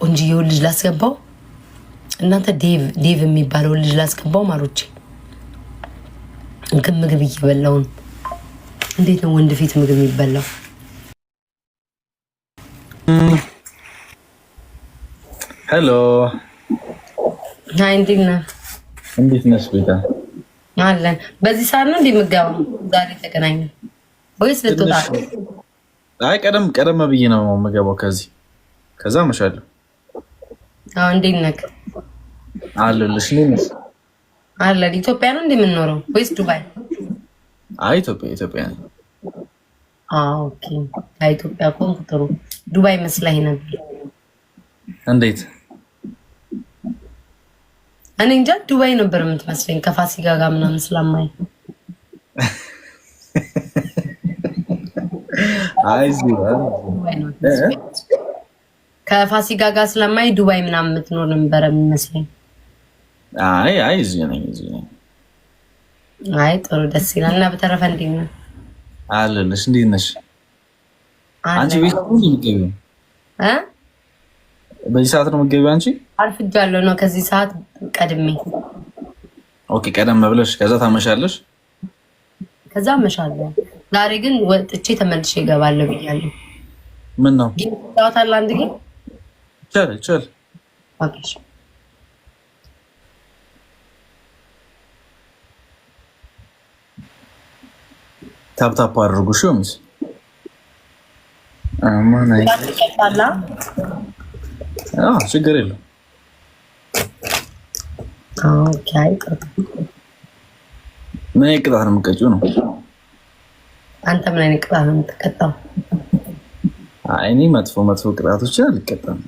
ቆንጅዬውን ልጅ ላስገባው እናንተ ዴቭ ዴቭ የሚባለውን ልጅ ላስገባው ማሮቼ ግን ምግብ እየበላው እንዴት ነው ወንድ ፊት ምግብ የሚበላው? ሄሎ ሀይ፣ እንዴት ነህ? እንዴት ነሽ? ቤታ አለን። በዚህ ሰዓት ነው እንዴ የምትገባው? ዛሬ ተገናኘን ወይስ ልትወጣ? አይ ቀደም ቀደም ብዬ ነው የምገባው ከዚህ ከዛ መሻለሁ አዎ እንዴት ነህ? አለሁልሽ። አለን ኢትዮጵያ ነው እንደምንኖረው ወይስ ዱባይ? አይ ኢትዮጵያ ኢትዮጵያ ነው። ኦኬ ኢትዮጵያ ከሆንኩ ጥሩ። ዱባይ መስላኝ ነበር። እንዴት? እኔ እንጃ ዱባይ ነበር የምትመስለኝ ከፋሲካ ጋር ምናምን ስለማይ አይ ከፋሲካ ጋር ስለማይ ዱባይ ምናምን የምትኖር ነበረ የሚመስለኝ። አይ አይ እዚህ ነኝ እዚህ ነኝ። አይ ጥሩ ደስ ይላል። እና በተረፈ እንዴት ነህ አለልሽ? እንዴት ነሽ አንቺ? ቤት ነው የምትገቢው? በዚህ ሰዓት ነው የምትገቢው አንቺ? አርፍጃለሁ ነው ከዚህ ሰዓት ቀድሜ። ኦኬ ቀደም ብለሽ ከዛ ታመሻለሽ? ከዛ አመሻለሁ። ዛሬ ግን ወጥቼ ተመልሼ እገባለሁ ብያለሁ። ምን ነው ጌም ትጫወታለህ አንድ ጌም चल चल Okay. ታፕታፕ አድርጉ። እሺ ሚስ ችግር የለም። ምን ቅጣት ነው የምትቀጪው? ነው አንተ ምን አይነት ቅጣት ነው የምትቀጣው? እኔ መጥፎ መጥፎ ቅጣቶችን አልቀጣም።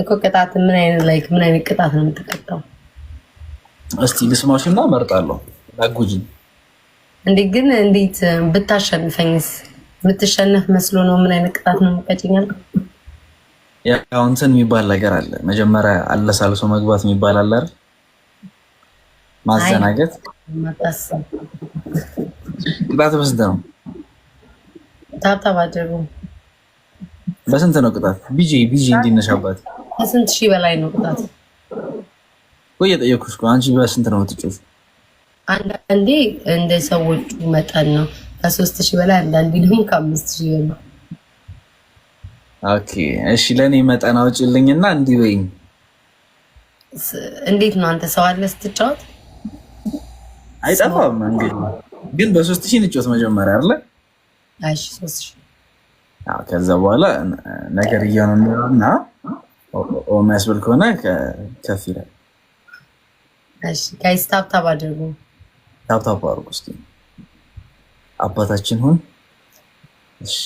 እኮ ቅጣት ምን አይነት ላይክ ምን አይነት ቅጣት ነው የምትቀጣው? እስቲ ልስማሽ እና መርጣለሁ። አጉጂኝ እንዴ! ግን እንዴት ብታሸንፈኝስ? የምትሸነፍ መስሎ ነው። ምን አይነት ቅጣት ነው የምትቀጭኛል? ያው እንትን የሚባል ነገር አለ። መጀመሪያ አለሳልሶ መግባት የሚባል አለ አይደል? ማዘናገት ቅጣት በስንት ነው? ታብታብ አድርጉ። በስንት ነው ቅጣት? ቢጂ ቢጂ እንዲነሻባት ከስንት ሺህ በላይ ነው ቅጣት። ቆይ የጠየኩሽ እኮ አንቺ በስንት ነው አንዳንዴ እንደ ሰዎቹ መጠን ነው ከሶስት ሺህ በላይ አንዳንዴ ደግሞ ከአምስት ሺህ በላይ። ኦኬ እሺ፣ ለእኔ መጠን አውጭልኝና እንዲህ በይኝ። እንዴት ነው አንተ ሰው አለ ስትጫወት አይጠፋም። እንግዲህ ግን በሶስት ሺህ ንጮት መጀመሪያ አለ ከዛ በኋላ ነገር እየሆነ እና ኦ የሚያስብል ከሆነ ከፍ ይላል። ጋይስ ታብታብ አድርጉ፣ ታብታብ አድርጉ። እስኪ አባታችን ሁን። እሺ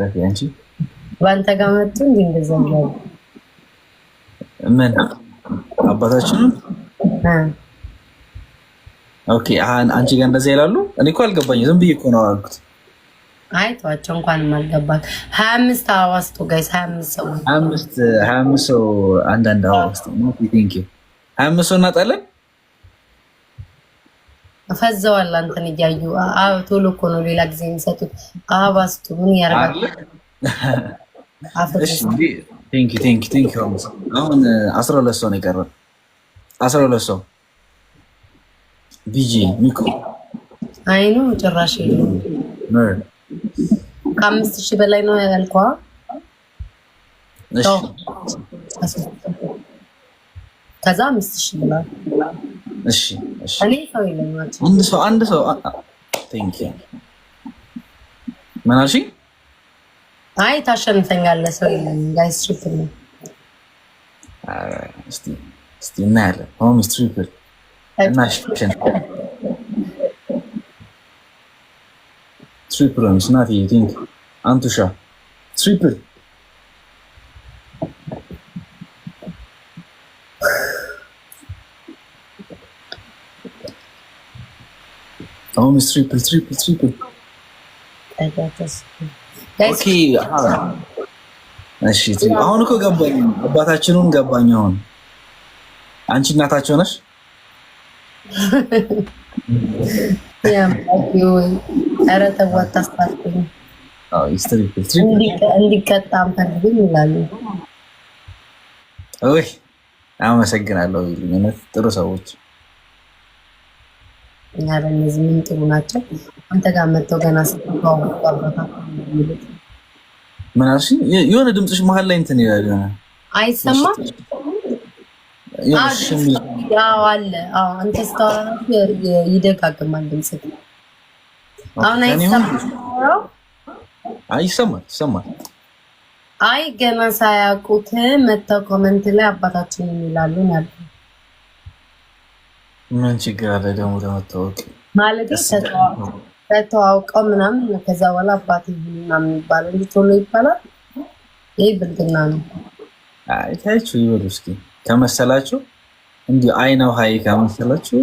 ረፊ አንቺ በአንተ ጋር መጡ እንዲ እንደዛ ምን አባታችንን ኦኬ፣ አንቺ ጋር እንደዚያ ይላሉ። እኔ እኮ አልገባኝ። ዝም ብዬ እኮ ነው አልኩት። አይ ተዋቸው፣ እንኳንም አልገባት። ሀያ አምስት አበባ ስጡ ጋይስ፣ ሀያ አምስት ሰው ሀያ አምስት ሰው አንዳንድ አበባ ስጡ። ሀያ አምስት ሰው እናጣለን። ፈዘዋል አንተን እያዩ ቶሎ እኮ ነው ሌላ ጊዜ የሚሰጡት። አበባ ስጡ ምን ያደርጋል? አሁን አስራ ሁለት ሰው ነው የቀረው። አስራ ሁለት ሰው ቢጂ ሚኮ አይኑ ጭራሽ የለም ከአምስት ሺህ በላይ ነው ያልኳ። ከዛ አምስት ሺህ እኔ ሰው አንድ ሰው አንድ ሰው ምን አልሽኝ? አይ ታሸንፈኛለ ሰው ይለኝ ጋይስትሪፕ ነው። እናያለን። ሆም ስትሪፕል እናሸንፈ Super on is not you think. Antusha. Super. Almost triple, triple, triple. I got this. ኦኬ እሺ። አሁን እኮ ገባኝ፣ አባታችንን ገባኝ። አሁን አንቺ እናታቸው ነሽ። እንዲቀጣ አመሰግናለሁ። እውነት ጥሩ ሰዎች ያለ እነዚህ ምን ጥሩ ናቸው። አንተ ጋር መጥተው ገና ምን አልሽኝ? የሆነ ድምፅሽ መሀል ላይ እንትን ይላል። አይሰማም አለ አንተ ስታወራ ይደጋግማል ድምጽ። አሁን ይሰማል። አይ ገና ሳያውቁት መተው ኮመንት ላይ አባታችን ይላሉ ምን ችግር አለ ደግሞ ለመታወቅ ማለት ተተዋውቀው ምናምን ከዛ በኋላ አባት ምናምን ቶሎ ይባላል። ይህ ብልግና ነው። አይ ይበሉ እስኪ ከመሰላችሁ እንዲህ አይነው ሀይ ከመሰላችሁ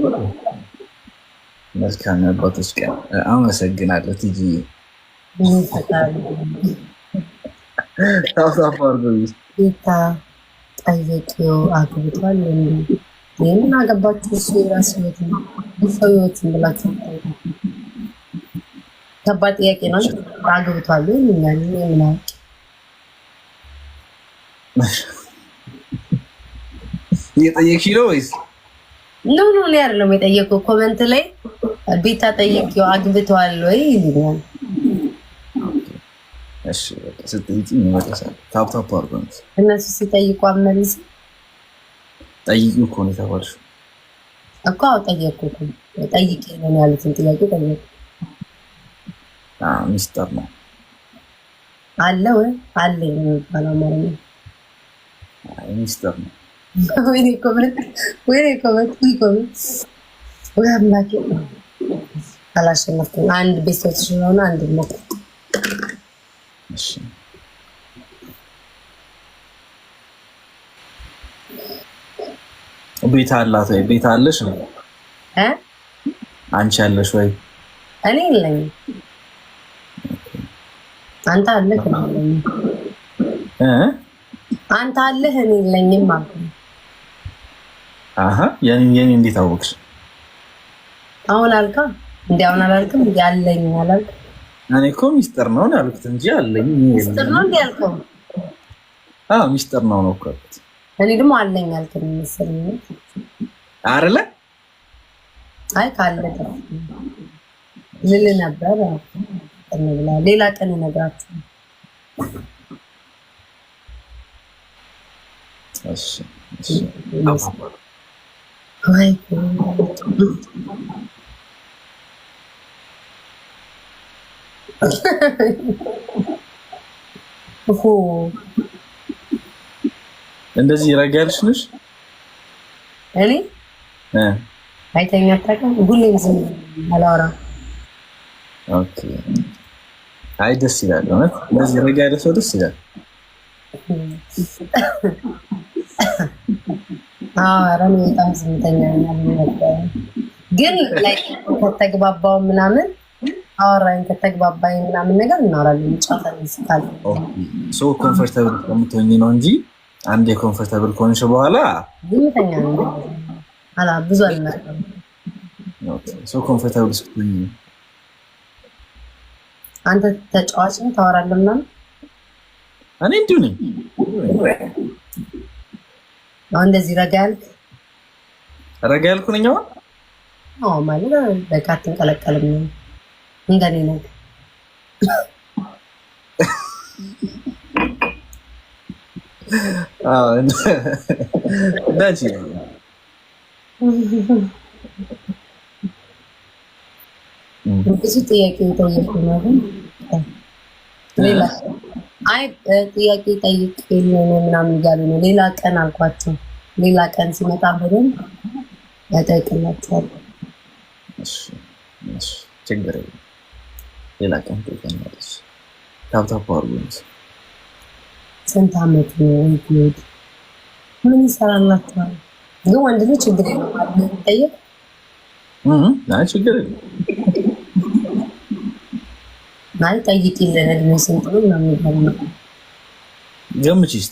መልካም አባቶች ቀን አመሰግናለሁ። ትጂ ታፍታፍ ጠየቂው አግብቷል ይህምን አገባችሁ እሱ የራስ ህይወት ነው ሰው ህይወት ብላችሁ ከባድ ጥያቄ ነው። አግብቷል ይምኛል ምናቅ እየጠየቅሽ ነው ወይስ? ኖ ኖ እኔ አይደለም የጠየቅኩ። ኮመንት ላይ ቤታ ጠይቂው አግብተዋል ወይ ይልኛል። እነሱ ሲጠይቁ አመልስ እኮ ነው የተባልሽው እኮ። አዎ ጠየቅኩ ነው ያሉትን ጥያቄ ጠየቁ። ሚስጥር ነው አለው አለ የሚባለው ሚስጥር ነው ወይኔ ኮመንት ወይኔ ኮመንት ወይ ኮመንት ወይ አምላኬ አላሸነፍኩም። አንድ ቤተሰብ ስለሆነ አንድ ሞት ቤት አላት ወይ ቤት አለሽ ነው እ አንቺ አለሽ ወይ እኔ የለኝም። አንተ አለህ ነው እ አንተ አለህ እኔ የለኝም ማለት የኔ እንዴት አወቅሽ? አሁን አልካ እንዲያሁን አላልክም ያለኝ አላልክ። እኔ እኮ ሚስጥር ነው ነው ያልኩት እንጂ አለኝ ሚስጥር ነው እንዲ ያልከው ሚስጥር ነው ነው ያልኩት። እኔ ደግሞ አለኝ አልክም መሰለኝ አይደለ? አይ ካለ ልል ነበር። ሌላ ቀን ነግራችሁ እሺ እሺ አባባ 아이고. ኦሆ እንደዚህ ረጋ ያልሽ ነሽ? እኔ እ አይተኛ አታውቅም። ሁሌም ዝም አላወራም። ኦኬ። አይ ደስ ይላል። እውነት እንደዚህ ረጋ ያለ ሰው ደስ ይላል። ረኔ በጣም ዝምተኛ ነበረ፣ ግን ከተግባባው ምናምን አወራኝ ከተግባባኝ ምናምን ነገር እናወራለን። ጫፈን ስታል ሰው ኮንፈርተብል ከምትሆኝ ነው እንጂ አንድ የኮንፈርተብል ከሆንሽ በኋላ ዝምተኛ ነው አላ ብዙ አልናገርም። ሰው ኮንፈርተብል ስትሆኝ አንተ ተጫዋችን ታወራለህ ምናምን እኔ እንዲሁ ነኝ አሁን እንደዚህ ረጋ ያልክ ረጋ ያልኩን ኛው አዎ፣ ማለት በቃ አትንቀለቀልም እንደኔ ነው። እንዳንቺ ብዙ ጥያቄ ጠየቁ ነው አይ ጥያቄ ጠይቅ ምናምን እያሉ ነው። ሌላ ቀን አልኳቸው። ሌላ ቀን ሲመጣ ብሎም እጠይቅላቸዋለሁ። ችግር ሌላ ቀን ጠይቀኛለች። ታብታብ አድርጎት ስንት አመት ሄድ ምን ይሰራላቸዋል? ግን ወንድ ልጅ ችግር ይኖራል ጠየቅ ችግር ማለት ጠይቅ ይለናል ይመስል ጥሩ ነው የሚለው ገምች ስ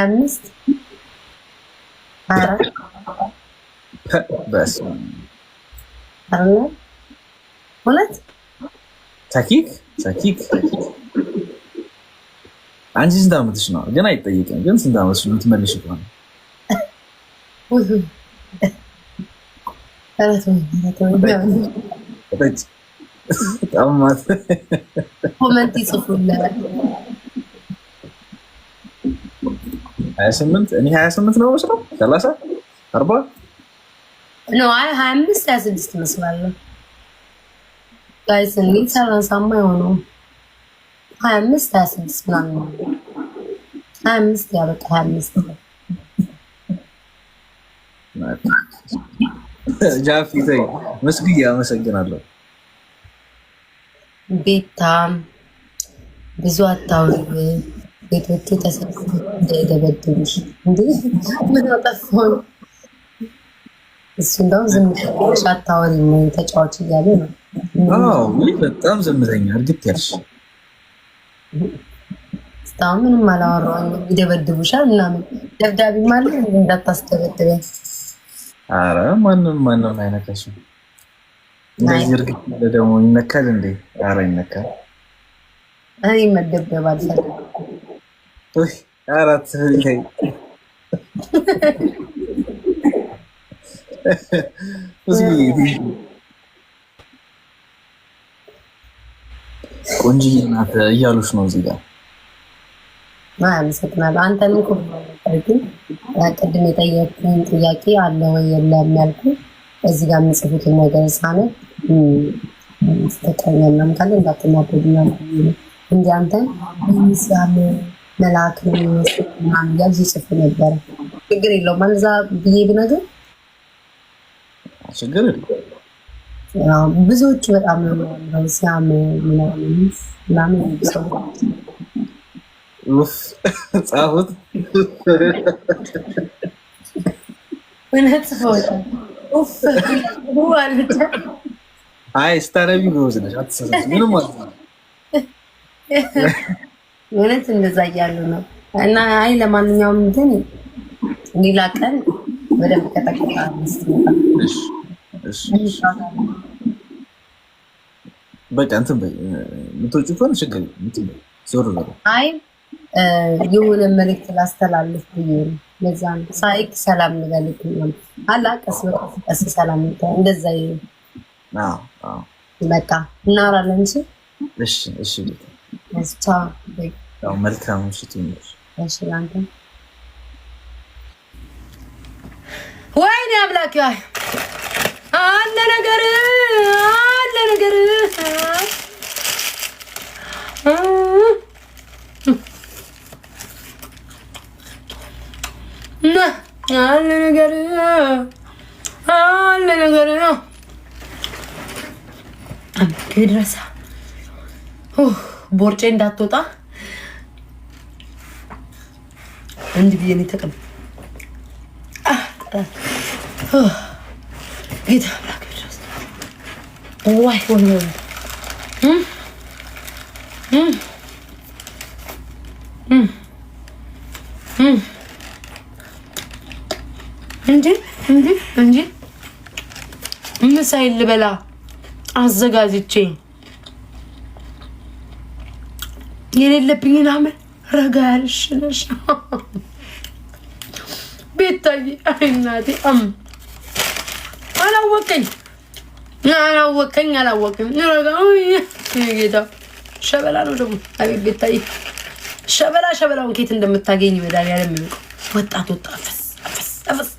አምስት አራት ሁለት ታኪክ ታኪክ አንቺ ስንት ዓመትሽ ነው? ግን አይጠይቅም። ግን ስንት ዓመትሽ ነው ትመልሽ ከሆነ ረት ኮመንት ይጽፉልናል። ሀያ ስምንት እኔ ሀያ ስምንት ነው መስለው ሰላሳ አርባ ኖ አይ ሀያ አምስት ሀያ ስድስት እመስላለሁ። ጋይስ እኔ ሰላሳማ የሆነውም ሀያ አምስት ሀያ ስድስት ምናምን ሀያ አምስት ያበቃ ሀያ አምስት ጃፊ ተይ መስግዬ አመሰግናለሁ። ቤታ ብዙ አታውሪ፣ ቤቶቹ ተሰብስበው እንዳይደበድቡሽ። እንዴ ምን አጠፋሁኝ? እሱ እንደውም ዝምተኛሽ አታወሪ ነው ተጫዋች እያለ ነው። ውይ በጣም ዝምተኛ እርግጥ ያልሽ እስካሁን ምንም አላወራሁም። ይደበድቡሻል ምናምን ደብዳቤ ማለት እንዳታስደበድበኝ። አረ ማንም ማንም አይነካሽም። እንደዚህ እርግጥ ደግሞ ይነካል እንዴ? አረ ይነካል። አይ መደብደብ አልፈልግም። አራት ስለኝ ቆንጅዬ ናት እያሉሽ ነው እዚህ ጋር። አመሰግናለሁ። ቅድም የጠየቅኩህን ጥያቄ አለ ወይ የለም ያልኩህ እዚህ ጋር የምጽፉትን ነገር ሳነ ፍቅረኛ እናምታለ እንዳትናደዱና እንዲ አንተን ሚስያለ መልአክ ነው የሚመስል ምናምን እያልሽ ይጽፉ ነበረ። ችግር የለውም አልዛ ብዬ ብነግር ችግር የለውም። ብዙዎቹ በጣም ነው ሲያም ምናምን ምናምን ሰው ጻፉት እውነት ጽፈውታል። አይ ስታነቢ ጎበዝ ነሽ፣ አትሳሳች ምንም ማለት ነው። እውነት እንደዛ እያሉ ነው። እና አይ ለማንኛውም እንትን ሌላ ቀን በደንብ ከጠቀጣ በቃ እንትን በይ ምትወጪው ከሆነ ችግር እንትን በይ ዞር በይ። አይ የሆነ መልዕክት ላስተላልፍ ብዬ ነው ለዛ ሳይክ ሰላም ንበልክ አላ ቀስ በቀስ ሰላም እንደዛ ይመጣ እናወራለን። እሺ እሺ እሺ እስቻ መልካም ምሽት ይሁንልሽ። እሺ አንተ ወይኔ አምላክ አለ ነገር አለ ነገር አለ ነገር አለ ነገር ነው ድረሳ ቦርጬ እንዳትወጣ እንድ ብዬ ነው የተቀመ ጌታ አምላክ ድረስ ዋይ ወይ ወይ እንጂ እንጂ እንጂ ምሳይል ልበላ አዘጋጅቼ የሌለብኝን አመል ረጋ ያልሽ ነሽ ቤታዬ። አይናቴ አም አላወቀኝ አላወቀኝ አላወቀኝ ረጋ ጌታ ሸበላ ነው ደግሞ። አቤት ቤታዬ ሸበላ ሸበላውን ኬት እንደምታገኝ መዳሊያ ወጣት ወጣ አፈስ አፈስ አፈስ